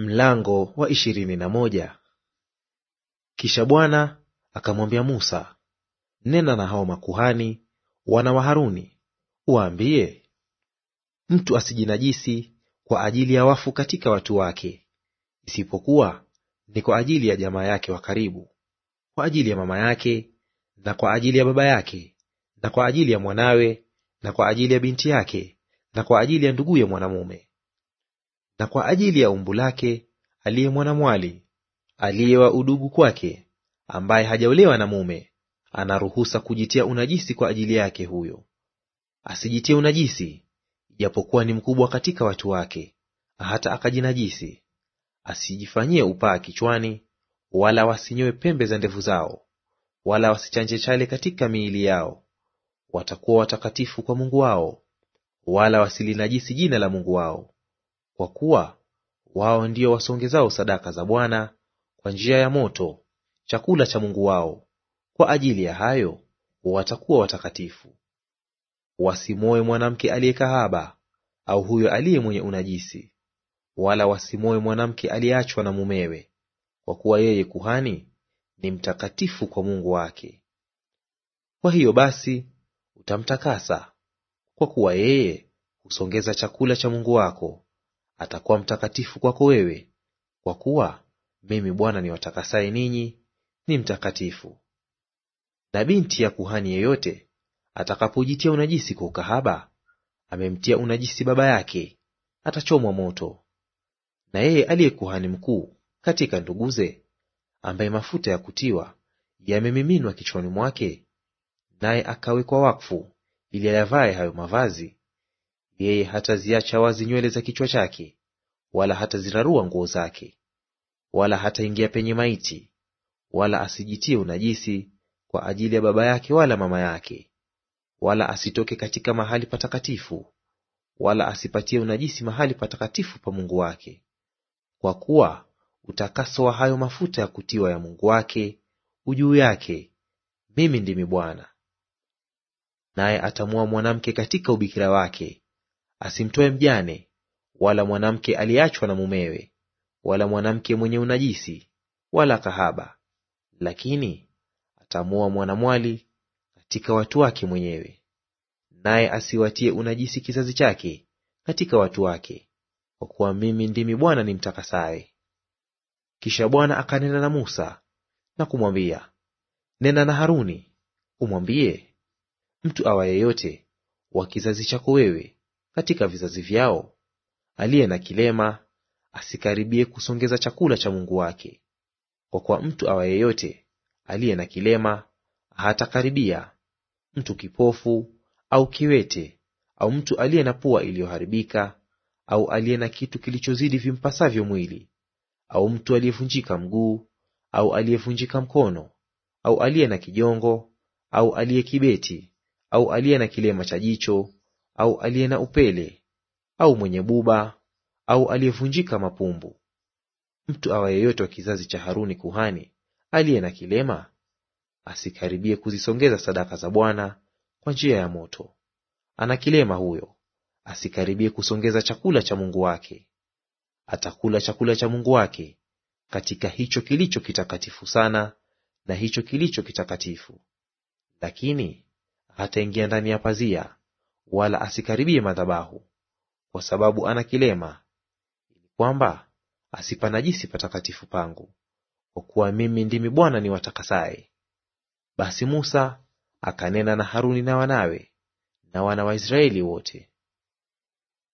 Mlango wa ishirini na moja. Kisha Bwana akamwambia Musa, nena na hao makuhani wana wa Haruni, waambie, mtu asijinajisi kwa ajili ya wafu katika watu wake, isipokuwa ni kwa ajili ya jamaa yake wa karibu, kwa ajili ya mama yake na kwa ajili ya baba yake na kwa ajili ya mwanawe na kwa ajili ya binti yake na kwa ajili ya nduguye mwanamume na kwa ajili ya umbu lake aliye mwanamwali aliye wa udugu kwake, ambaye hajaolewa na mume, anaruhusa kujitia unajisi kwa ajili yake huyo. Asijitie unajisi, ijapokuwa ni mkubwa katika watu wake, hata akajinajisi. Asijifanyie upaa kichwani, wala wasinyoe pembe za ndevu zao, wala wasichanje chale katika miili yao. Watakuwa watakatifu kwa Mungu wao, wala wasilinajisi jina la Mungu wao kwa kuwa wao ndio wasongezao sadaka za Bwana kwa njia ya moto, chakula cha Mungu wao; kwa ajili ya hayo watakuwa watakatifu. wasimoe mwanamke aliye kahaba au huyo aliye mwenye unajisi, wala wasimoe mwanamke aliyeachwa na mumewe, kwa kuwa yeye kuhani ni mtakatifu kwa Mungu wake. Kwa hiyo basi utamtakasa, kwa kuwa yeye husongeza chakula cha Mungu wako atakuwa mtakatifu kwako wewe, kwa kuwa mimi Bwana niwatakasaye ninyi ni mtakatifu. Na binti ya kuhani yeyote atakapojitia unajisi kwa ukahaba, amemtia unajisi baba yake, atachomwa moto. Na yeye aliye kuhani mkuu katika nduguze, ambaye mafuta ya kutiwa yamemiminwa kichwani mwake, naye akawekwa wakfu ili ayavae hayo mavazi, yeye hataziacha wazi nywele za kichwa chake, wala hatazirarua nguo zake, wala hataingia penye maiti, wala asijitie unajisi kwa ajili ya baba yake wala mama yake, wala asitoke katika mahali patakatifu, wala asipatie unajisi mahali patakatifu pa Mungu wake, kwa kuwa utakaso wa hayo mafuta ya kutiwa ya Mungu wake ujuu yake. Mimi ndimi Bwana. Naye atamua mwanamke katika ubikira wake asimtoe mjane, wala mwanamke aliyeachwa na mumewe, wala mwanamke mwenye unajisi, wala kahaba; lakini atamua mwanamwali katika watu wake mwenyewe. Naye asiwatie unajisi kizazi chake katika watu wake, kwa kuwa mimi ndimi Bwana ni mtakasaye. Kisha Bwana akanena na Musa na kumwambia, nena na Haruni umwambie, mtu awa yeyote wa kizazi chako wewe katika vizazi vyao, aliye na kilema asikaribie kusongeza chakula cha Mungu wake. Kwa kuwa mtu awa yeyote aliye na kilema hatakaribia; mtu kipofu au kiwete au mtu aliye na pua iliyoharibika au aliye na kitu kilichozidi vimpasavyo mwili au mtu aliyevunjika mguu au aliyevunjika mkono au aliye na kijongo au aliye kibeti au aliye na kilema cha jicho au aliye na upele au mwenye buba au aliyevunjika mapumbu. Mtu awa yeyote wa kizazi cha Haruni kuhani aliye na kilema asikaribie kuzisongeza sadaka za Bwana kwa njia ya moto. Ana kilema huyo, asikaribie kusongeza chakula cha Mungu wake. Atakula chakula cha Mungu wake katika hicho kilicho kitakatifu sana na hicho kilicho kitakatifu, lakini hataingia ndani ya pazia wala asikaribie madhabahu, kwa sababu ana kilema, ili kwamba asipanajisi patakatifu pangu, kwa kuwa mimi ndimi Bwana ni watakasaye. Basi Musa akanena na Haruni na wanawe na wana wa Israeli wote